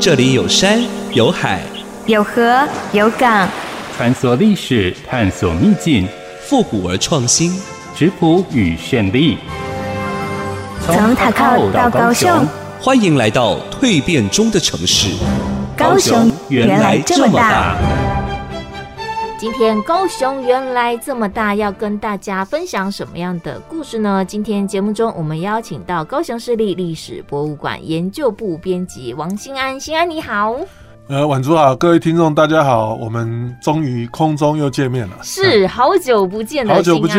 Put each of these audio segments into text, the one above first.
這裡有山，有海，有河，有港。穿梭歷史，探索秘境，復古而創新，質樸與絢麗。從打狗到，到高雄，歡迎來到蛻變中的城市——高雄，原來這麼大。今天高雄原來這麼大，要跟大家分享什麼樣的故事呢？今天節目中，我們邀請到高雄市立歷史博物館研究部編輯王興安，興安你好。呃，晚竹好，各位聽眾大家好，我們終於空中又見面了，是好久不見。嗯，好久不見。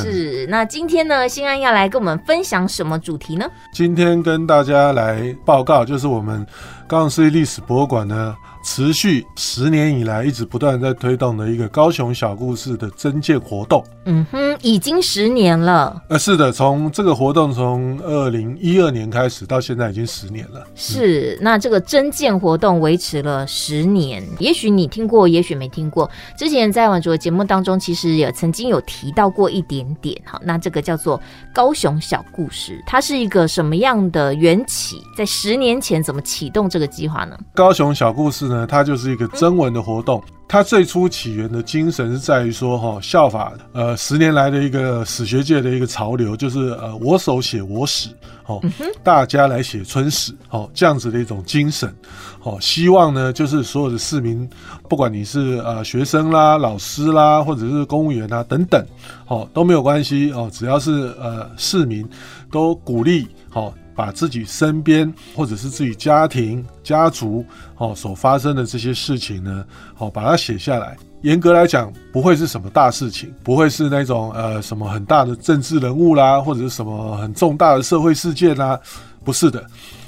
是，那今天呢，興安要來跟我們分享什麼主題呢？今天跟大家來報告，就是我們高雄市立歷史博物館呢。持續十年以來，一直不斷在推動的一個高雄小故事的徵件活動。嗯哼，已經十年了。呃，是的，從這個活動從二零一二年開始到現在已經十年了。嗯、是，那這個徵件活動維持了十年。也許你聽過，也許沒聽過。之前在往主節目當中，其實也曾經有提到過一點點。好，那這個叫做高雄小故事，它是一個什麼樣的緣起？在十年前怎麼啟動這個計劃呢？高雄小故事。它就是一個徵文的活動。它最初起源的精神是在於說，哈，效法呃十年來的一個史學界的一個潮流，就是呃我手寫我史，哦，大家來寫村史，哦，這樣子的一種精神，希望呢，就是所有的市民，不管你是呃學生啦、老師啦，或者是公務員啊等等，哦，都沒有關係，哦，只要是呃市民，都鼓勵，好。把自己身邊或者是自己家庭、家族哦所發生的這些事情呢，好、哦、把它寫下來。嚴格來講，不會是什麼大事情，不會是那種呃什麼很大的政治人物啦，或者是什麼很重大的社會事件啦。不是的，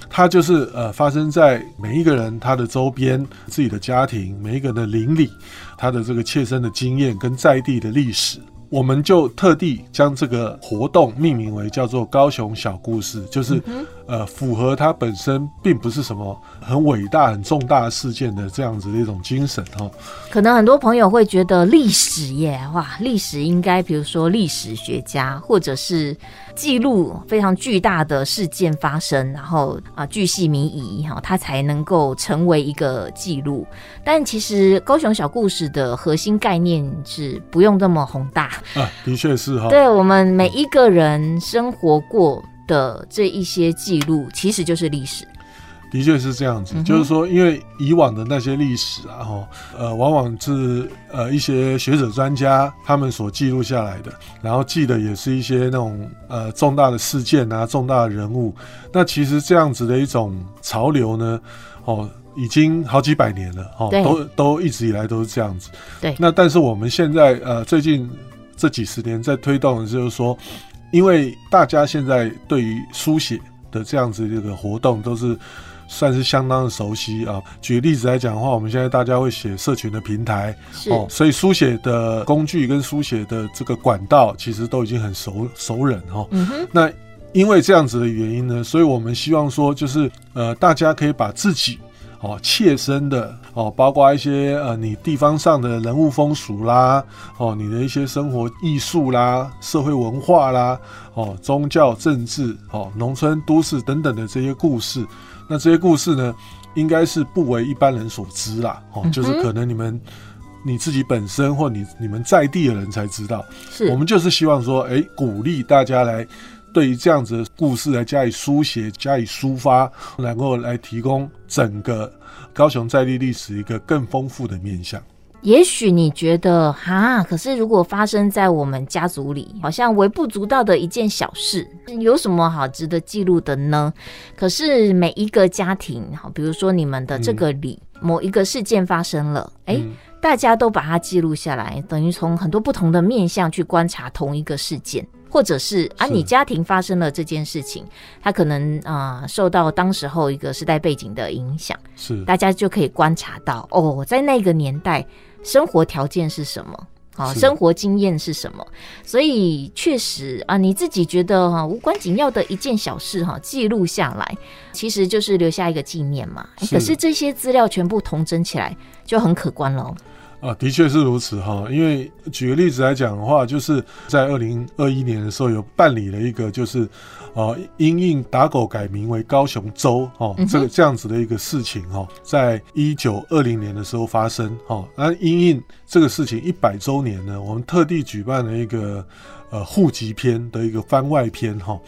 它就是呃發生在每一個人他的周邊、自己的家庭、每一個人的鄰里他的這個切身的經驗跟在地的歷史。我們就特地將這個活動命名為叫做“高雄小故事”，就是，嗯，呃，符合它本身並不是什麼很偉大、很重大事件的這樣子的一種精神。可能很多朋友會覺得歷史耶，哇，歷史應該比如說歷史學家或者是。記錄非常巨大的事件發生，然後啊，巨細靡遺哈，它才能夠成為一個記錄。但其實，高雄小故事的核心概念是不用這麼宏大啊，的確是哈，哦。對我們每一個人生活過的這一些記錄，嗯，其實就是歷史。的確是這樣子，就是說，因為以往的那些歷史啊，哈，呃，往往是呃一些學者專家他們所記錄下來的，然後記的也是一些那種呃重大的事件啊，重大的人物。那其實這樣子的一種潮流呢，哦，已經好幾百年了，哦，都都一直以來都是這樣子。對。那但是我們現在呃最近這幾十年在推動的是就是說，因為大家現在對於書寫的這樣子這個活動都是。算是相當的熟悉啊。舉例子來講的話，我們現在大家會寫社群的平台哦，所以書寫的工具跟書寫的這個管道，其實都已經很熟熟稔哈、哦嗯哼。那因為這樣子的原因呢，所以我們希望說，就是呃，大家可以把自己哦切身的哦，包括一些呃你地方上的人物風俗啦，哦你的一些生活藝術啦、社會文化啦、哦宗教政治哦、農村都市等等的這些故事。那這些故事呢，應該是不為一般人所知啦，哦，就是可能你們你自己本身或你你們在地的人才知道。我們就是希望說，哎、欸，鼓勵大家來對於這樣子的故事來加以書寫、加以抒發，然後來提供整個高雄在地歷史一個更豐富的面向。也許你覺得哈、啊，可是如果發生在我們家族裡，好像微不足道的一件小事，有什麼好值得記錄的呢？可是每一個家庭，好，比如說你們的這個里、嗯、某一個事件發生了，誒、欸嗯，大家都把它記錄下來，等於從很多不同的面向去觀察同一個事件，或者是啊是，你家庭發生了這件事情，它可能啊、呃、受到當時候一個時代背景的影響，是大家就可以觀察到哦，在那個年代。生活條件是什麼？好，生活經驗是什麼？所以確實啊，你自己覺得哈無關緊要的一件小事哈，記錄下來，其實就是留下一個紀念嘛。可是這些資料全部統整起來就很可觀咯。啊，的確是如此哈。因為舉個例子來講的話，就是在二零二一年的時候，有辦理了一個就是。啊，因應打狗改名為高雄州哦，這個這樣子的一個事情哦，在一九二零年的時候發生哦。那因應這個事情一百周年呢，我們特地舉辦了一個呃戶籍篇的一個番外篇哈。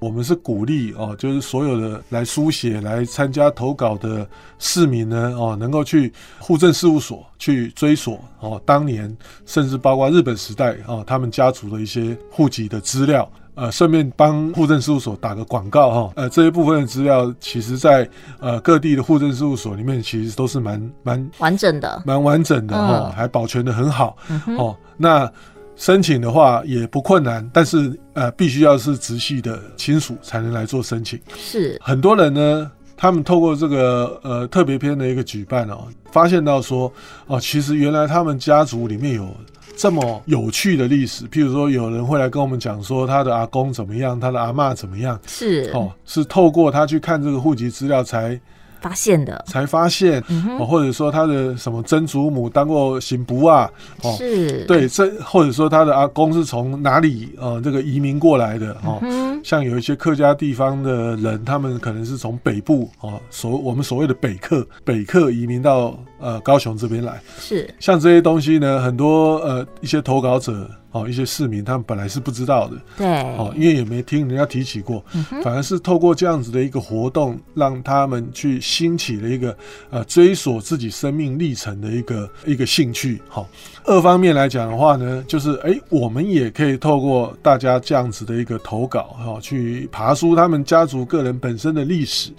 我們是鼓勵哦，就是所有的來書寫、來參加投稿的市民呢哦，能夠去戶政事務所去追索哦，當年甚至包括日本時代啊，他們家族的一些戶籍的資料。呃，順便幫戶政事務所打個廣告哈。呃，這一部分的資料，其實在，在呃各地的戶政事務所裡面，其實都是蠻蠻完整的，蠻完整的哈、嗯，還保存的很好、嗯。哦，那申請的話也不困難，但是呃，必須要是直系的親屬才能來做申請。是很多人呢，他們透過這個呃特別篇的一個舉辦哦，發現到說哦、呃，其實原來他們家族裡面有。這麼有趣的歷史，譬如說，有人會來跟我們講說他的阿公怎麼樣，他的阿嬤怎麼樣，是哦，是透過他去看這個戶籍資料才發現的，才發現，嗯哼哦、或者說他的什麼曾祖母當過刑部啊、哦，是，對，這或者說他的阿公是從哪裡啊、呃，這個移民過來的哦、嗯，像有一些客家地方的人，他們可能是從北部哦，所我們所謂的北客，北客移民到。呃，高雄這邊來，是像這些東西呢，很多呃一些投稿者哦、喔，一些市民他們本來是不知道的，對哦，因為也沒聽人家提起過，反而是透過這樣子的一個活動，讓他們去興起了一個呃追索自己生命歷程的一個一個興趣。好，二方面來講的話呢，就是哎、欸，我們也可以透過大家這樣子的一個投稿哈、喔，去爬梳他們家族個人本身的歷史，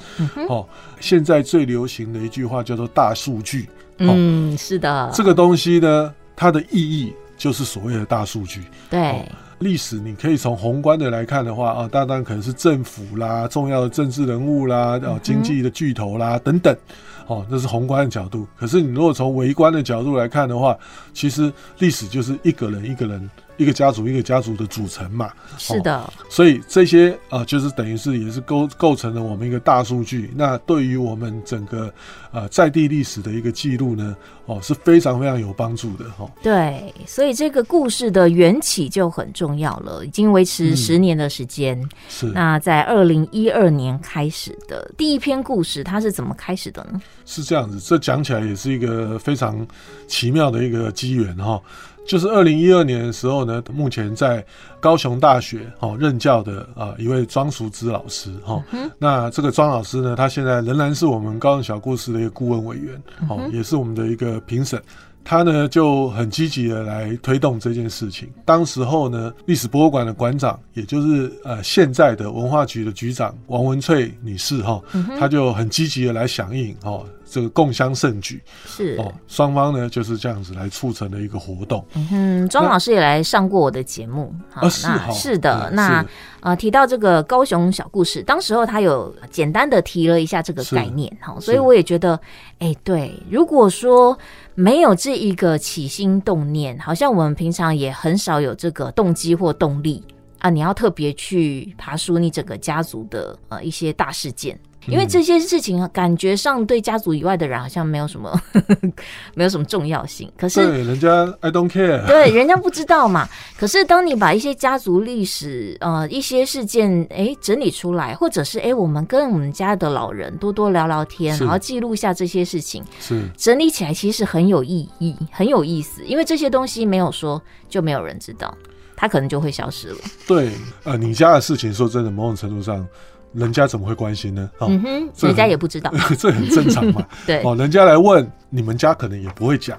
哦。現在最流行的一句話叫做“大數據”。嗯，是的、哦，這個東西呢，它的意義就是所謂的大數據。對，歷、哦、史你可以從宏觀的來看的話啊，當然可能是政府啦、重要的政治人物啦、哦、啊、經濟的巨頭啦、嗯、等等，哦，那是宏觀的角度。可是你如果從微觀的角度來看的話，其實歷史就是一個人一個人。一個家族，一個家族的組成嘛，是的。哦、所以這些啊、呃，就是等於是也是構構成了我們一個大數據。那對於我們整個呃在地歷史的一個記錄呢，哦，是非常非常有幫助的哈、哦。對，所以這個故事的緣起就很重要了。已經維持十年的時間、嗯。是。那在二零一二年開始的第一篇故事，它是怎麼開始的呢？是這樣子，這講起來也是一個非常奇妙的一個機緣哈。哦就是二零一二年的時候呢，目前在高雄大學、哦、任教的啊、呃、一位莊淑姿老師哈、哦嗯，那這個莊老師呢，他現在仍然是我們高雄小故事的一個顧問委員哦、嗯，也是我們的一個評審。他呢就很積極的來推動這件事情。當時候呢，歷史博物館的館長，也就是呃現在的文化局的局長王文翠女士哈，她就很積極的來響應哈，這個共襄盛舉是哦，雙方呢就是這樣子來促成的一個活動嗯。嗯，莊老師也來上過我的節目那、啊、是吼、那、是的、啊、是的，那、呃、提到這個高雄小故事，當時候他有簡單的提了一下這個概念哈，所以我也覺得，哎、欸、對，如果說。沒有這一個起心動念，好像我們平常也很少有這個動機或動力，啊，你要特別去爬梳你整個家族的，呃，一些大事件。因為這些事情，感覺上對家族以外的人好像沒有什麼， 沒有什麼重要性。可是人家 I don't care。對，人家不知道嘛。可是當你把一些家族歷史，呃，一些事件，哎，整理出來，或者是哎，我們跟我們家的老人多多聊聊天，然後記錄下這些事情，是整理起來其實很有意義，很有意思。因為這些東西沒有說，就沒有人知道，它可能就會消失了。對，呃，你家的事情，說真的，某種程度上。人家怎麼會關心呢？啊、嗯，人家也不知道， 這很正常嘛。 對，哦，人家來問，你們家可能也不會講。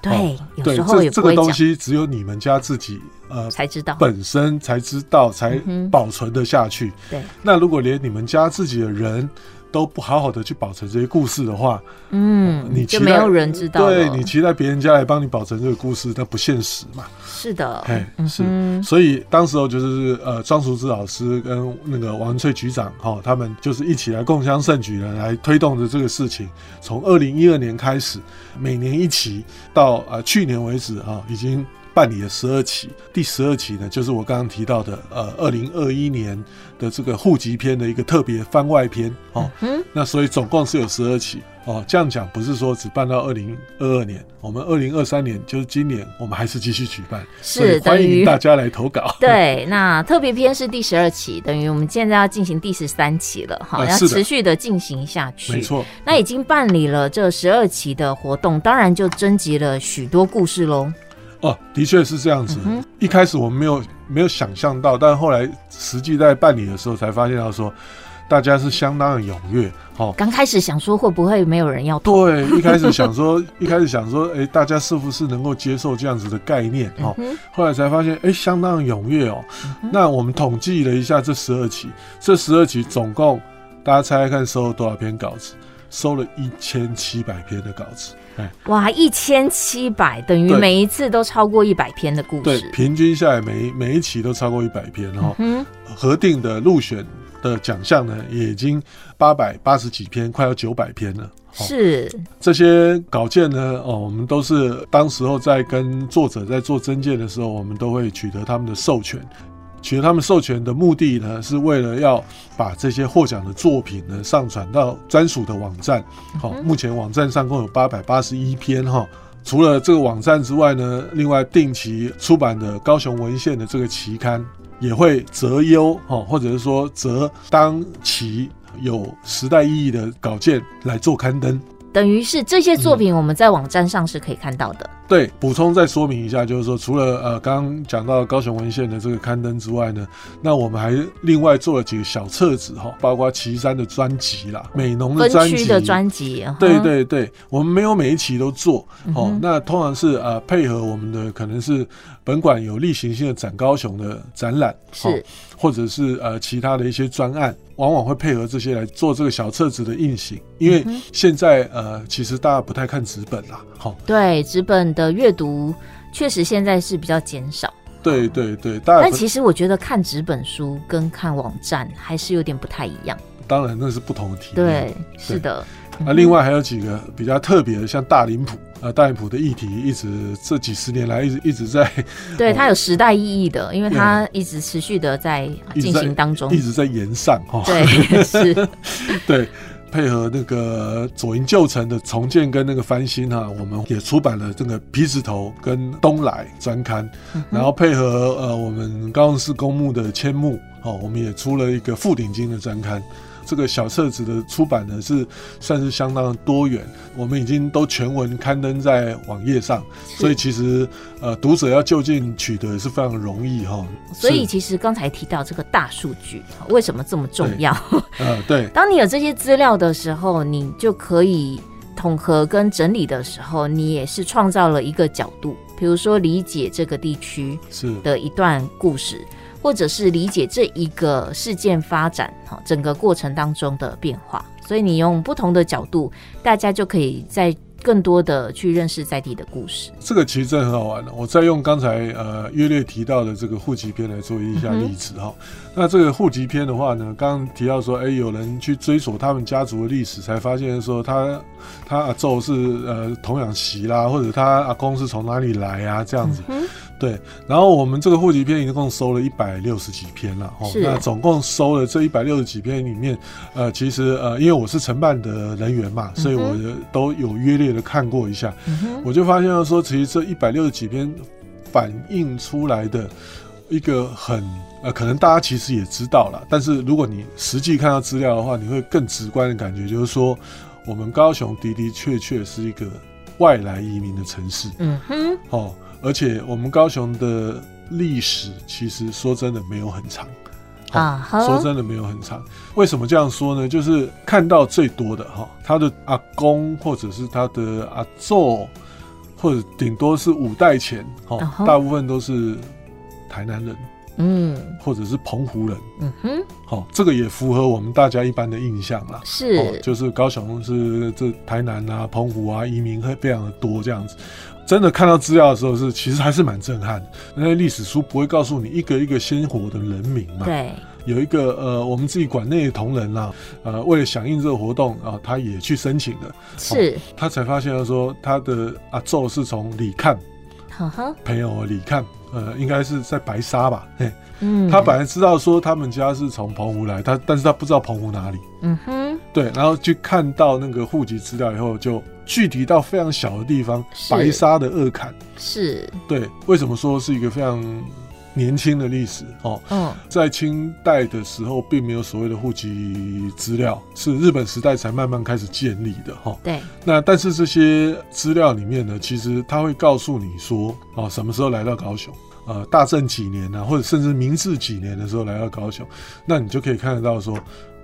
對、哦，有時候也不會講。這個東西只有你們家自己呃才知道，本身才知道，才保存的下去。對、嗯，那如果連你們家自己的人，都不好好的去保存這些故事的話，嗯，你期待就沒有人知道。對，你期待別人家來幫你保存這個故事，那不現實嘛？是的，哎，是、嗯。所以當時候就是呃，莊淑芝老師跟那個王文翠局長哈、哦，他們就是一起來共襄盛舉的，來推動着這個事情。從二零一二年開始，每年一期，到呃去年為止啊、哦，已經。辦理了十二期，第十二期呢，就是我剛剛提到的，呃，二零二一年的這個戶籍篇的一個特別番外篇哦。嗯。那所以總共是有十二期哦。這樣講不是說只辦到二零二二年，我們二零二三年就是今年，我們還是繼續舉辦，是所以歡迎大家來投稿。對，那特別篇是第十二期，等於我們現在要進行第十三期了哈、嗯，要持續的進行下去。沒錯。那已經辦理了這十二期的活動，當然就徵集了許多故事嘍。哦，的確是這樣子、嗯。一開始我們沒有沒有想象到，但後來實際在辦理的時候，才發現到說，大家是相當的踴躍。哦。剛開始想說會不會沒有人要讀？對， 一開始想說，一開始想說，哎、欸，大家是不是能夠接受這樣子的概念？哦？嗯、後來才發現，哎、欸，相當的踴躍哦、嗯。那我們統計了一下這十二期，這十二期總共，大家猜猜看收了多少篇稿子？收了一千七百篇的稿子。哇，一千七百等於每一次都超過一百篇的故事，對，平均下來每一每一期都超過一百篇哦。嗯，核定的入選的獎項呢，也已經八百八十幾篇，快要九百篇了。哦，是這些稿件呢，哦，我們都是當時候在跟作者在做徵件的時候，我們都會取得他們的授權。其實他們授權的目的呢，是為了要把這些獲獎的作品呢，上傳到專屬的網站。好，目前網站上共有八百八十一篇哈。除了這個網站之外呢，另外定期出版的高雄文獻的這個期刊也會擇優哈，或者是說擇當期有時代意義的稿件來做刊登。等於是這些作品，我們在網站上是可以看到的、嗯。對，補充再說明一下，就是說，除了呃，剛剛講到高雄文獻的這個刊登之外呢，那我們還另外做了幾個小冊子哈，包括旗山的專輯啦、美濃的專區的專輯。對對對，我們沒有每一期都做哦、嗯，那通常是呃配合我們的可能是。本館有例行性的展高雄的展覽，是或者是呃其他的一些專案，往往會配合這些來做這個小冊子的印行、嗯，因為現在呃其實大家不太看紙本啦、啊，哈。對紙本的閱讀確實現在是比較減少。對對對，但其實我覺得看紙本書跟看網站還是有點不太一樣。當然那是不同的題，對，是的。啊，另外還有幾個比較特別的，像大林蒲啊，大林蒲的議題一直這幾十年來一直一直在，對，它有時代意義的，哦、因為它一直持續的在進行當中，嗯、一直在延上哈、哦，對，也 是，對，配合那個左營舊城的重建跟那個翻新哈、啊，我們也出版了這個皮石頭跟東來專刊、嗯，然後配合呃我們高雄市公墓的遷墓，哦，我們也出了一個覆鼎金的專刊。這個小冊子的出版呢，是算是相當多元，我們已經都全文刊登在網頁上，所以其實呃讀者要就近取得也是非常容易哈。所以其實剛才提到這個大數據，為什麼這麼重要？呃，對。當你有這些資料的時候，你就可以統合跟整理的時候，你也是創造了一個角度，比如說理解這個地區的一段故事。或者是理解這一個事件發展哈，整個過程當中的變化，所以你用不同的角度，大家就可以在更多的去認識在地的故事。這個其實真的很好玩的。我再用剛才呃約略提到的這個戶籍篇來做一下例子哈。那這個戶籍篇的話呢，剛剛提到說，哎，有人去追索他們家族的歷史，才發現說他他阿祖是呃童養媳啦，或者他阿公是從哪裡來啊這樣子。嗯對，然後我們這個戶籍篇一共收了一百六十幾篇了，哦，那總共收了這一百六十幾篇裡面，呃，其實呃，因為我是承辦的人員嘛，所以我都有約略的看過一下，嗯，我就發現了說，其實這一百六十幾篇反映出來的一個很呃，可能大家其實也知道了，但是如果你實際看到資料的話，你會更直觀的感覺就是說，我們高雄的的確確是一個外來移民的城市，嗯哼，哦。而且我們高雄的歷史，其實說真的沒有很長，啊、哦，uh -huh. 說真的沒有很長。為什麼這樣說呢？就是看到最多的哈，他的阿公或者是他的阿祖，或者頂多是五代前，哦 uh -huh. 大部分都是台南人，嗯、uh -huh.，或者是澎湖人，嗯、uh、哼 -huh. 哦，這個也符合我們大家一般的印象啦，是、uh -huh. 哦，就是高雄是這台南啊、澎湖啊移民會非常的多這樣子。真的看到資料的時候是，是其實還是蠻震撼。那些歷史書不會告訴你一個一個鮮活的人名嘛。對。有一個呃，我們自己館內的同仁啊，呃，為了響應這個活動啊、呃，他也去申請了。是。哦、他才發現了說他的阿祖是從李看，朋友李看，呃，應該是在白沙吧？嘿，嗯。他本來知道說他們家是從澎湖來，他但是他不知道澎湖哪裡。嗯哼。對，然後去看到那個戶籍資料以後就。具體到非常小的地方，白沙的二坎是，對，為什麼說是一個非常年輕的歷史？哦，嗯，在清代的時候，並沒有所謂的戶籍資料，是日本時代才慢慢開始建立的，哈，對。那但是這些資料裡面呢，其實它會告訴你說，哦，什麼時候來到高雄？呃，大正幾年啊，或者甚至明治幾年的時候來到高雄，那你就可以看得到說。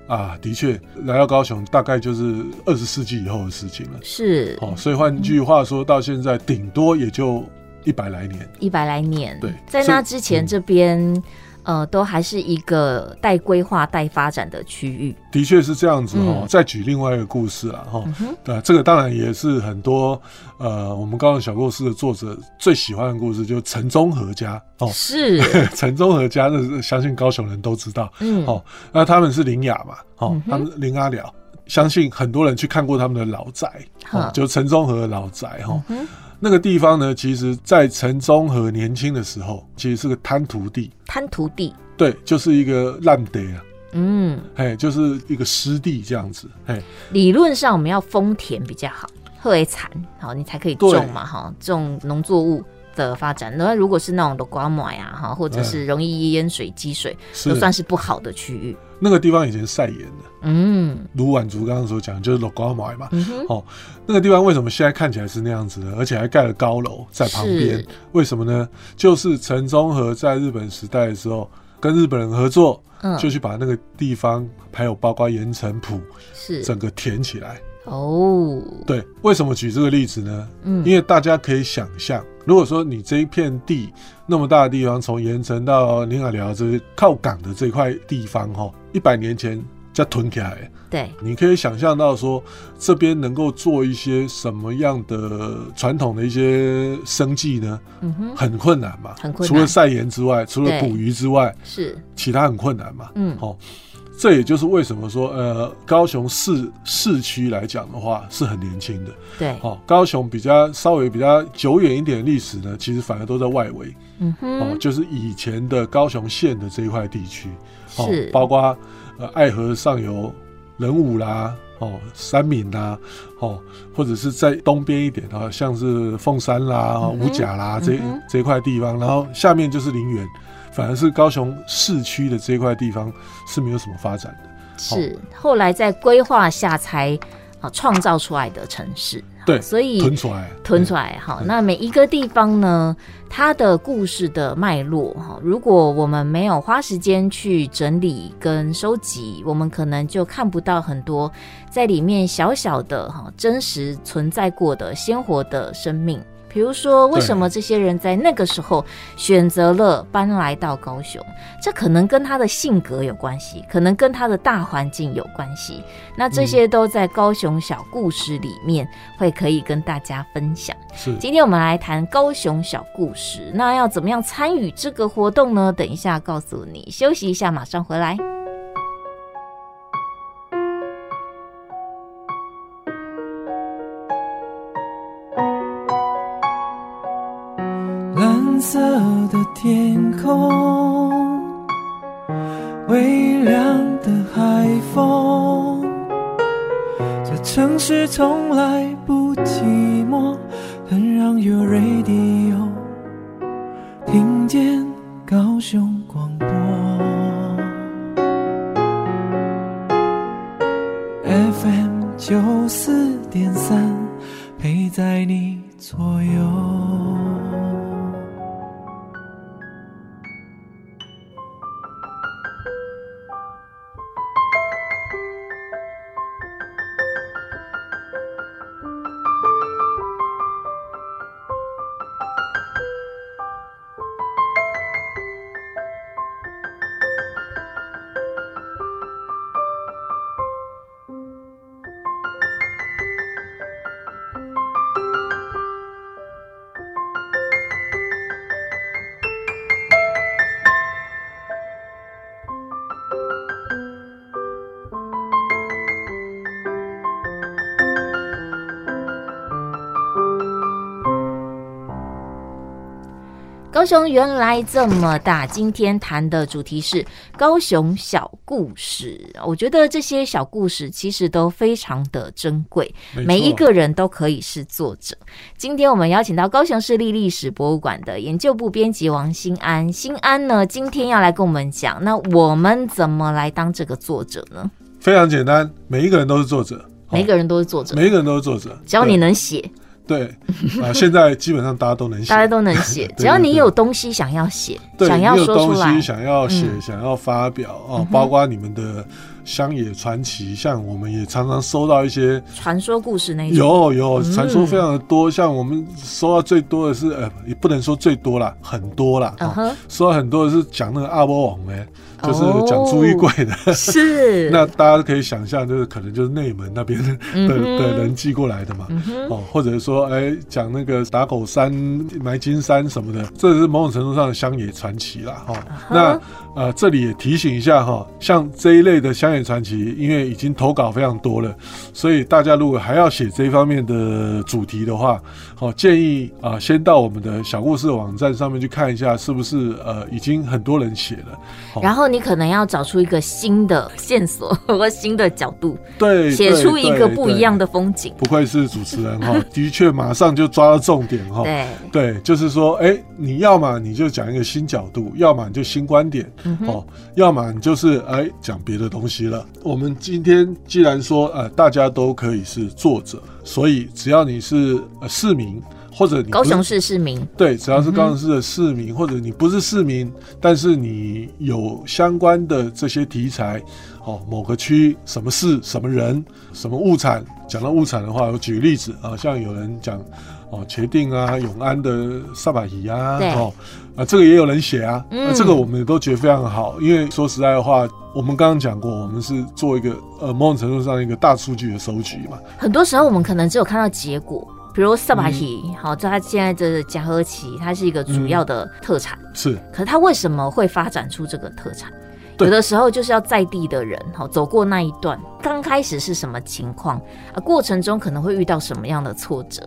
啊，的確，來到高雄大概就是二十世紀以後的事情了。是，哦，所以換句話說，嗯，到現在，頂多也就一百來年。一百來年，對，在那之前這邊。所以，嗯。呃，都還是一個待規劃、待發展的區域。的確是這樣子哈、嗯。再舉另外一個故事啦，哈，對、嗯啊，這個當然也是很多呃，我們高雄小故事的作者最喜歡的故事，就陳、是、中和家哦，是陳中和家，相信高雄人都知道，嗯，哦，那他們是林雅嘛，哦、嗯，他們林阿寮，相信很多人去看過他們的老宅，好、嗯，就陳中和的老宅，哈。嗯那個地方呢，其實，在陳中和年輕的時候，其實是個灘塗地。灘塗地，對，就是一個爛地啊，嗯，哎，就是一個濕地這樣子，哎，理論上我們要豐田比較好，特別產好，你才可以種嘛，哈，這種農作物。的發展，那如果是那種鹿瓜麥呀，哈，或者是容易淹水積、嗯、水，都算是不好的區域。那個地方以前曬鹽的，嗯，盧宛竹剛剛所講就是鹿瓜麥嘛嘛、嗯，哦，那個地方為什麼現在看起來是那樣子的，而且還蓋了高樓在旁邊？為什麼呢？就是陳中和在日本時代的時候跟日本人合作，嗯，就去把那個地方還有包括鹽埕埔是整個填起來。哦、oh,，對，為什麼舉這個例子呢？嗯，因為大家可以想象，如果說你這一片地那麼大的地方，從鹽埕到苓雅寮，這靠港的這塊地方，哈、喔，一百年前在囤起來，對，你可以想象到說，這邊能夠做一些什麼樣的傳統的一些生計呢？嗯哼，很困難嘛，很困，除了曬鹽之外，除了捕魚之外，是，其他很困難嘛。嗯，好。這也就是為什麼說，呃，高雄市市區來講的話，是很年輕的。對，好、哦，高雄比較稍微比較久遠一點的歷史呢，其實反而都在外圍。嗯哼，哦，就是以前的高雄縣的這一塊地區、哦，是包括呃愛河上游、仁武啦，哦，三民啦，哦，或者是在東邊一點、哦、像是鳳山啦、五、哦嗯、甲啦這一、嗯、這塊地方，然後下面就是林園。反而是高雄市區的這塊地方是沒有什麼發展的，是後來在規劃下才啊創造出來的城市。對，所以吞出來，吞出來。哈，那每一個地方呢，它的故事的脈絡哈，如果我們沒有花時間去整理跟收集，我們可能就看不到很多在裡面小小的哈真實存在過的鮮活的生命。比如說，為什麼這些人在那個時候選擇了搬來到高雄？這可能跟他的性格有關係，可能跟他的大環境有關係。那這些都在高雄小故事裡面會可以跟大家分享。是，今天我們來談高雄小故事。那要怎麼樣參與這個活動呢？等一下告訴你，休息一下，馬上回來。色的天空，微涼的海風，這城市從來。高雄原來這麼大。今天談的主題是高雄小故事。我覺得這些小故事其實都非常的珍貴，每一個人都可以是作者。今天我們邀請到高雄市立歷史博物館的研究部編輯王興安。興安呢，今天要來跟我們講，那我們怎麼來當這個作者呢？非常簡單，每一個人都是作者，每一個人都是作者，嗯，每一個人都是作者，每一個人都是作者，只要你能寫。對啊，呃、 現在基本上大家都能寫，大家都能寫， 只要你有東西想要寫，想要說出來，你有東西想要寫，想要發表、嗯哦、包括你們的鄉野傳奇、嗯，像我們也常常收到一些傳說故事，那些有有傳說非常的多、嗯，像我們收到最多的是，呃，也不能說最多啦，很多啦，收、哦嗯、到很多的是講那個阿波網呢。就是講朱一貴的、oh, 是，是 那大家可以想象，就是可能就是內門那邊的、mm -hmm. 的人寄過來的嘛、mm，-hmm. 哦，或者說，哎、欸，講那個打狗山埋金山什麼的，這是某種程度上的鄉野傳奇了哈。哦 uh -huh. 那、呃、這裡也提醒一下哈、哦，像這一類的鄉野傳奇，因為已經投稿非常多了，所以大家如果還要寫這一方面的主題的話，好、哦、建議啊、呃，先到我們的小故事網站上面去看一下，是不是呃已經很多人寫了、哦，然後。你可能要找出一個新的線索或新的角度，對，對，寫出一個不一樣的風景。不愧是主持人哈，的確馬上就抓到重點哈。 對，對，就是說，哎，你要麼你就講一個新角度，要麼你就新觀點，哦，要麼你就是哎講別的東西了。我們今天既然說，呃，大家都可以是作者，所以只要你是市民。或者你高雄市市民對，只要是高雄市的市民、嗯，或者你不是市民，但是你有相關的這些題材，哦，某個區、什麼市、什麼人、什麼物產，講到物產的話，我舉個例子啊、哦，像有人講，哦，茄萣啊、永安的薩摩儀啊對，哦，啊，這個也有人寫啊，那、啊、這個我們都覺得非常好、嗯，因為說實在的話，我們剛剛講過，我們是做一個呃某種程度上一個大數據的收集嘛，很多時候我們可能只有看到結果。比如薩巴提，好、嗯，他、哦、現在的加赫奇，他是一個主要的特產。嗯、是。可是他為什麼會發展出這個特產？有的時候就是要在地的人，好、哦、走過那一段，剛開始是什麼情況啊？過程中可能會遇到什麼樣的挫折？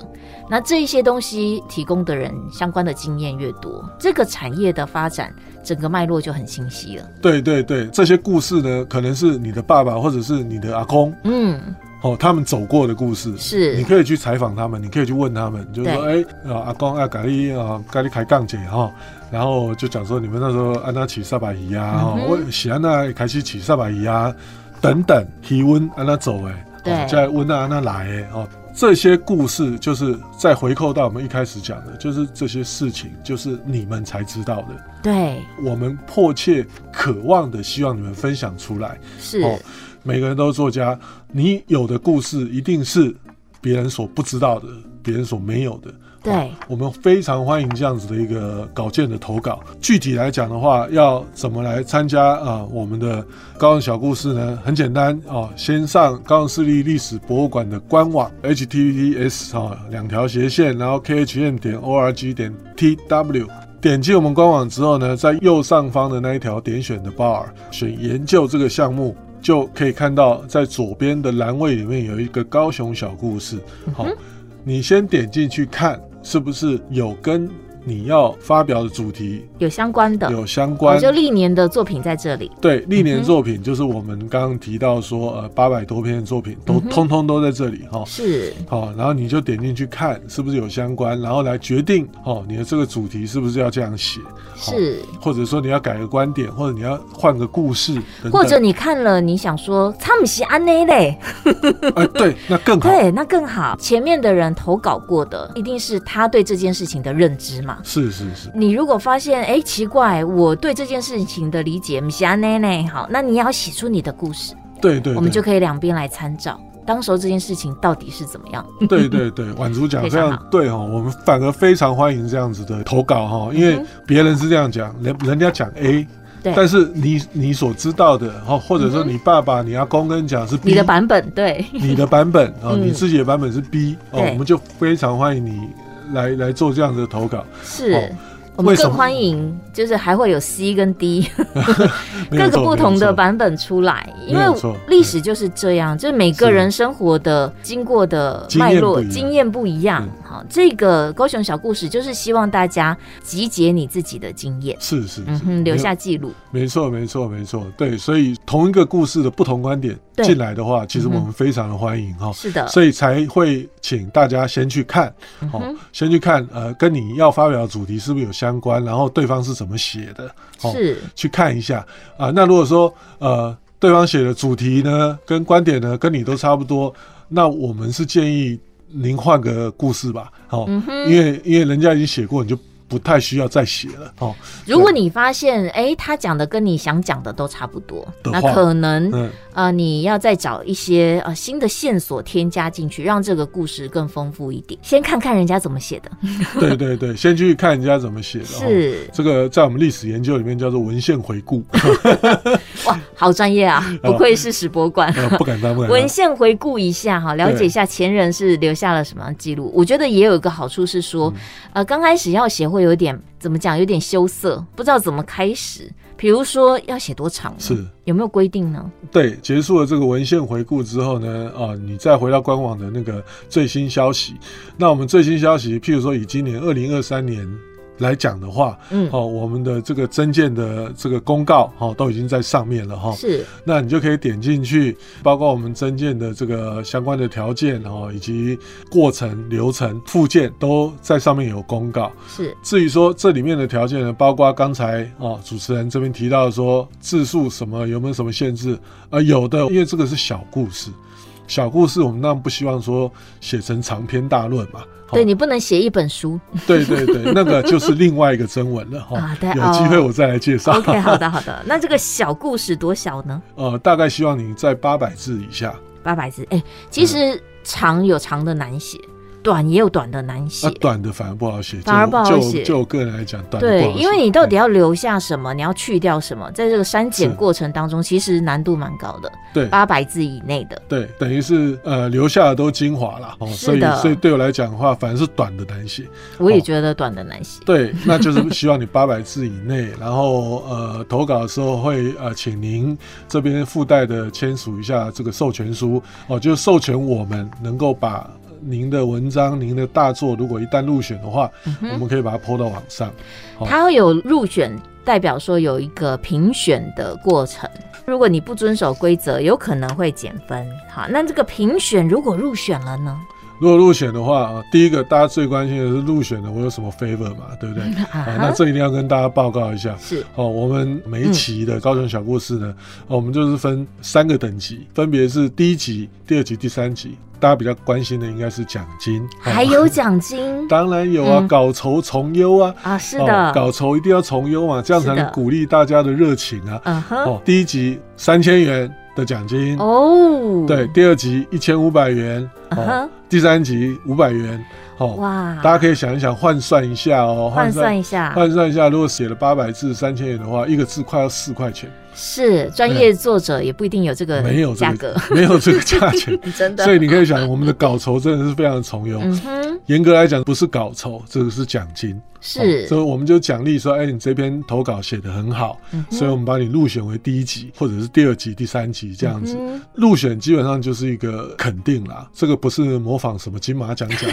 那這一些東西提供的人相關的經驗越多，這個產業的發展整個脈絡就很清晰了。對對對，這些故事呢，可能是你的爸爸或者是你的阿公。嗯。哦，他們走過的故事，是你可以去採訪他們，你可以去問他們，就是、說，哎，阿、欸啊、公阿咖喱，阿咖喱開講姐哈，然後就講說，你們那時候安娜騎薩巴椅啊，嗯、我喜安娜開始騎薩巴椅啊，等等，提問安娜走，哎，再問啊安娜來，哎，哦。這些故事就是再回扣到我們一開始講的，就是這些事情，就是你們才知道的。對，我們迫切、渴望，的希望你們分享出來。是，哦，每個人都是作家，你有的故事一定是別人所不知道的，別人所沒有的。對、哦，我們非常歡迎這樣子的一個稿件的投稿。具體來講的話，要怎麼來參加啊、呃，我們的高雄小故事呢？很簡單哦，先上高雄市立歷史博物館的官網，h t t p s 啊、哦，兩條斜線，然後 k h m 點 o r g 點 t w，點擊我們官網之後呢，在右上方的那一條點選的 bar，選研究這個項目，就可以看到在左邊的欄位裡面有一個高雄小故事。好、嗯哦，你先點進去看。是不是有根？你要發表的主題有相關的，有相關，就歷年的作品在這裡。對，歷年的作品就是我們剛剛提到說，呃，八百多篇的作品、嗯、都通通都在這裡哈。是，好，然後你就點進去看，是不是有相關，然後來決定哦，你的這個主題是不是要這樣寫，是，或者說你要改個觀點，或者你要換個故事，或者你看了你想說他們是安內嘞，哎對，那更好，對，那更好。前面的人投稿過的，一定是他對這件事情的認知嘛。是是是，你如果發現哎、欸、奇怪，我對這件事情的理解，不是這樣捏，好，那你要寫出你的故事，對對，對，我們就可以兩邊來參照，當時候這件事情到底是怎麼樣？對對對，晚竹講非常好對哈，我們反而非常歡迎這樣子的投稿哈，因為別人是這樣講、嗯，人人家講 A，對，但是你你所知道的，哦，或者說你爸爸、你阿公跟講是 B 你的版本，對，你的版本啊，你自己的版本是 B、嗯、哦，我們就非常歡迎你。來來做這樣的投稿，是，哦、我們更歡迎。就是還會有 C 跟 D 各個不同的版本出來，因為歷史就是這樣，就是每個人生活的經過的脈絡經驗不一樣。好，這個高雄小故事就是希望大家集結你自己的經驗，是是，嗯哼，留下記錄。沒錯，沒錯，沒錯。對，所以同一個故事的不同觀點進來的話，其實我們非常的歡迎哈。是的，所以才會請大家先去看，好，先去看，呃，跟你要發表的主題是不是有相關，然後對方是什麼。怎麼寫的？好，去看一下啊。那如果說呃，對方寫的主題呢，跟觀點呢，跟你都差不多，那我們是建議您換個故事吧。好，嗯，因為因為人家已經寫過，你就。不太需要再寫了哦。如果你發現哎、欸，他講的跟你想講的都差不多，那可能啊、嗯呃，你要再找一些啊、呃、新的線索添加進去，讓這個故事更豐富一點。先看看人家怎麼寫的。對對對， 先去看人家怎麼寫的。是、哦、這個在我們歷史研究裡面叫做文獻回顧。 哇，好專業啊！不愧是史博館，不敢當，不 敢文獻回顧一下哈，了解一下前人是留下了什麼記錄。我覺得也有一個好處是說，嗯、呃，剛開始要寫。會有點怎麼講？有點羞澀，不知道怎麼開始。比如說，要寫多長？是有沒有規定呢？對，結束了這個文獻回顧之後呢，啊，你再回到官網的那個最新消息。那我們最新消息，譬如說以今年二零二三年。來講的話，嗯，哦，我們的這個徵件的這個公告，哈、哦，都已經在上面了，哈、哦，是。那你就可以點進去，包括我們徵件的這個相關的條件，哈、哦，以及過程流程附件都在上面有公告。是。至於說這裡面的條件呢，包括剛才啊、哦、主持人這邊提到的說字數什麼有沒有什麼限制？而有的、嗯，因為這個是小故事，小故事我們當然不希望說寫成長篇大論嘛。對，你不能寫一本書， 對，對對對，那個就是另外一個徵文了哈、 哦。有機會我再來介紹、哦。OK，好的好的。那這個小故事多小呢？呃，大概希望你在八百字以下。八百字，哎、欸，其實長有長的難寫。嗯短也有短的難寫、啊，短的反而不好寫，反而不好寫。就我個人來講，短的對，因為你到底要留下什麼，嗯、你要去掉什麼，在這個刪減過程當中，其實難度蠻高的。對，八百字以內的，對，等於是呃，留下的都精華了、喔。所以，所以對我來講的話，反而是短的難寫。我也覺得短的難寫、喔嗯。對，那就是希望你八百字以內， 然後呃，投稿的時候會呃，請您這邊附帶的簽署一下這個授權書哦、喔，就是授權我們能夠把。您的文章，您的大作，如果一旦入選的話，嗯、我們可以把它 PO 到網上。它會有入選，代表說有一個評選的過程。如果你不遵守規則，有可能會減分。好，那這個評選如果入選了呢？如果入選的話啊，第一個大家最關心的是入選的我有什麼 favor 嘛，對不對？嗯、啊，啊，那這一定要跟大家報告一下。是，好、哦，我們每一期的高雄小故事呢、嗯哦，我們就是分三個等級，分別是第一級、第二級、第三級。大家比較關心的應該是獎金，還有獎金、哦，當然有啊，稿酬從優啊，啊是的，哦、稿酬一定要從優嘛，這樣才能鼓勵大家的熱情啊。啊哼、哦嗯，第一級三千元。的獎金哦，oh. 對，第二集一千五百元，第三集五百元，哦，哇、uh-huh.，哦，wow. 大家可以想一想，換算一下哦，換算，換算一下，換算一下，如果寫了八百字三千元的話，一個字快要四塊錢。是專業作者也不一定有這個沒有價格，沒有這個價 錢， 真的。所以你可以想，我們的稿酬真的是非常的從優。嚴 格來講，不是稿酬，這個是獎金。是、哦，所以我們就獎勵說，哎、欸，你這篇投稿寫得很好， 所以我們把你入選為第一集，或者是第二集、第三集這樣子。 入選基本上就是一個肯定啦。這個不是模仿什麼金馬獎獎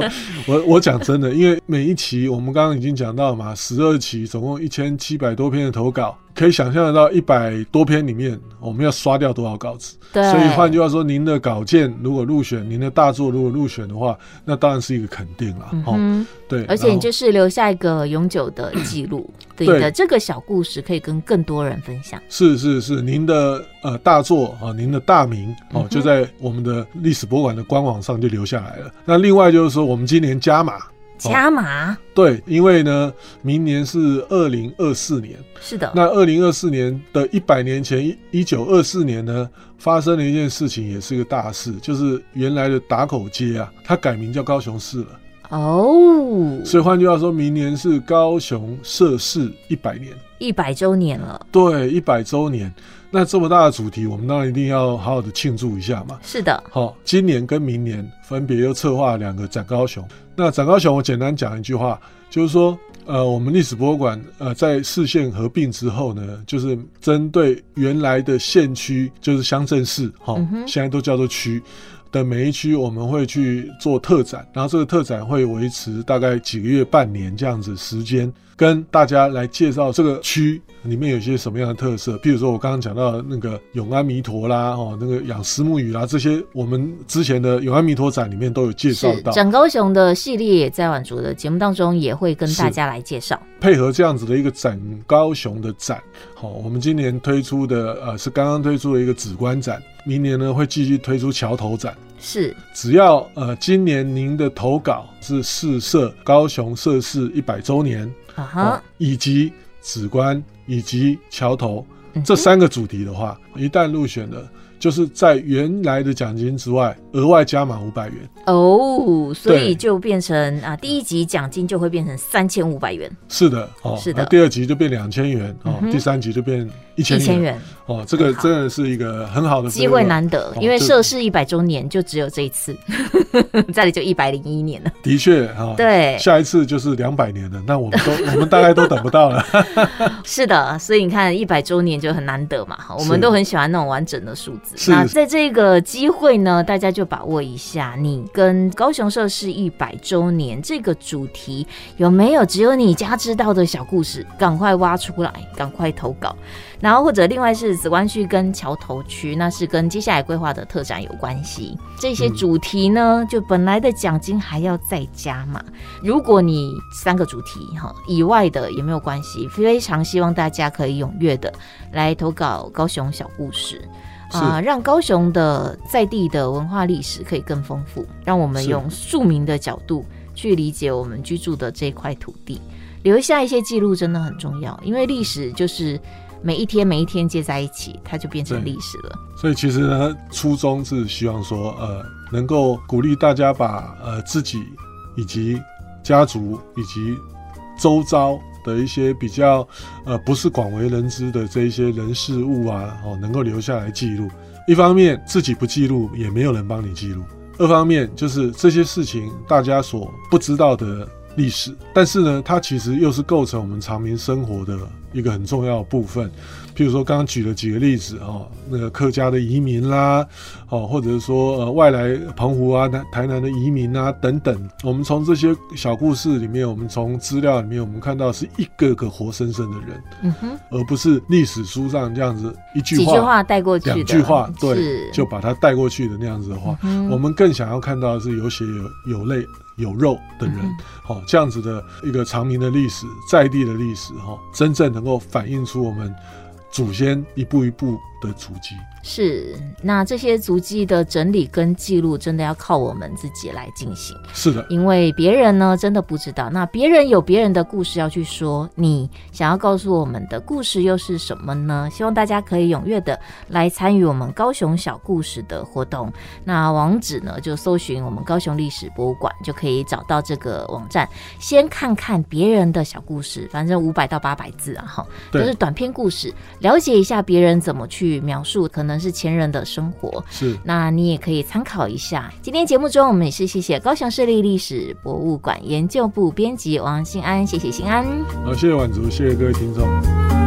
的。 我我講真的，因為每一期我們剛剛已經講到了嘛，十二期總共一千七百多篇的投稿。可以想象得到，一百多篇裡面，我們要刷掉多少稿子？對。所以換句話說，您的稿件如果入選，您的大作如果入選的話，那當然是一個肯定了。嗯、哦，對。而且，你就是留下一個永久的記錄、嗯，對的，對對，這個小故事可以跟更多人分享。是是是，您的呃大作啊、呃，您的大名哦、嗯，就在我們的歷史博物館的官網上就留下來了。那另外就是說，我們今年加碼。加碼、哦、對，因為呢，明年是二零二四年，是的。那二零二四年的一百年前，一九二四年呢，發生了一件事情，也是一個大事，就是原來的打狗街啊，它改名叫高雄市了。哦、oh,，所以換句話說，明年是高雄設市一百年，一百周年了。對，一百周年。那這麼大的主題，我們當然一定要好好的慶祝一下嘛。是的，好、哦，今年跟明年分別又策劃兩個展，高雄。那展高雄，我簡單講一句話，就是說，呃，我們歷史博物館，呃，在市縣合併之後呢，就是針對原來的縣區，就是鄉鎮市，齁，現在都叫做區的每一區，我們會去做特展，然後這個特展會維持大概幾個月、半年這樣子時間。跟大家來介紹這個區裡面有些什麼樣的特色，譬如說我剛剛講到那個永安彌陀啦，哦，那個養虱目魚啦，這些我們之前的永安彌陀展裡面都有介紹到。展高雄的系列也在晚竹的節目當中也會跟大家來介紹。配合這樣子的一個展高雄的展，好，哦，我們今年推出的呃是剛剛推出的一個梓官展，明年呢會繼續推出橋頭展。是，只要呃今年您的投稿是四色高雄設市一百週年，啊哈，以及梓官，以及橋頭這三個主題的話，一旦入選了，就是在原來的獎金之外，額外加碼五百元哦、oh, so，所以就變成啊，第一集獎金就會變成三千五百元，是的，哦，那第二集就變兩千元，哦、uh -huh.，第三集就變。一千元，一千元哦，這個真的是一個很好的機會，難得，哦、因為設市一百周年就只有這一次， 這裡就一百零一年了。的確哈、哦，對，下一次就是兩百年了，那我們都 我們大概都等不到了。 是的，所以你看一百周年就很難得嘛，哈，我們都很喜歡那種完整的數字。那在這個機會呢，大家就把握一下，你跟高雄設市一百周年這個主題有沒有只有你家知道的小故事？趕快挖出來，趕快投稿。然後或者另外是梓官區跟橋頭區，那是跟接下來規劃的特展有關係。這些主題呢，就本來的獎金還要再加嘛。如果你三個主題哈以外的也沒有關係，非常希望大家可以踴躍的來投稿高雄小故事啊、呃，讓高雄的在地的文化歷史可以更豐富。讓我們用庶民的角度去理解我們居住的這塊土地，留下一些記錄真的很重要，因為歷史就是。每一天，每一天接在一起，它就變成歷史了。所以其實呢，初衷是希望說，呃，能夠鼓勵大家把呃自己以及家族以及周遭的一些比較呃不是廣為人知的這一些人事物啊，哦，能夠留下來記錄。一方面自己不記錄，也沒有人幫你記錄；二方面就是這些事情大家所不知道的。歷史，但是呢，它其實又是構成我們常民生活的一個很重要的部分。譬如說，剛剛舉了幾個例子啊、哦，那個客家的移民啦，哦，或者是說呃外來澎湖啊、台南的移民啊等等。我們從這些小故事裡面，我們從資料裡面，我們看到是一個個活生生的人，嗯哼，而不是歷史書上這樣子一句話幾句話帶過去的兩句話，對，就把它帶過去的那樣子的話，嗯、我們更想要看到的是有血有有淚。有肉的人，好、嗯，這樣子的一個常民的歷史，在地的歷史，哈，真正能夠反映出我們祖先一步一步。的足跡是，那這些足跡的整理跟記錄，真的要靠我們自己來進行。是的，因為別人呢，真的不知道。那別人有別人的故事要去說，你想要告訴我們的故事又是什麼呢？希望大家可以踴躍的來參與我們高雄小故事的活動。那網址呢，就搜尋我們高雄歷史博物館，就可以找到這個網站。先看看別人的小故事，反正五百到八百字啊，哈，就是短篇故事，了解一下別人怎麼去。描述可能是前人的生活，是那，你也可以參考一下。今天節目中，我們也是謝謝高雄市立歷史博物館研究部編輯王興安，謝謝興安。好、啊，謝謝婉竹，謝謝各位聽眾。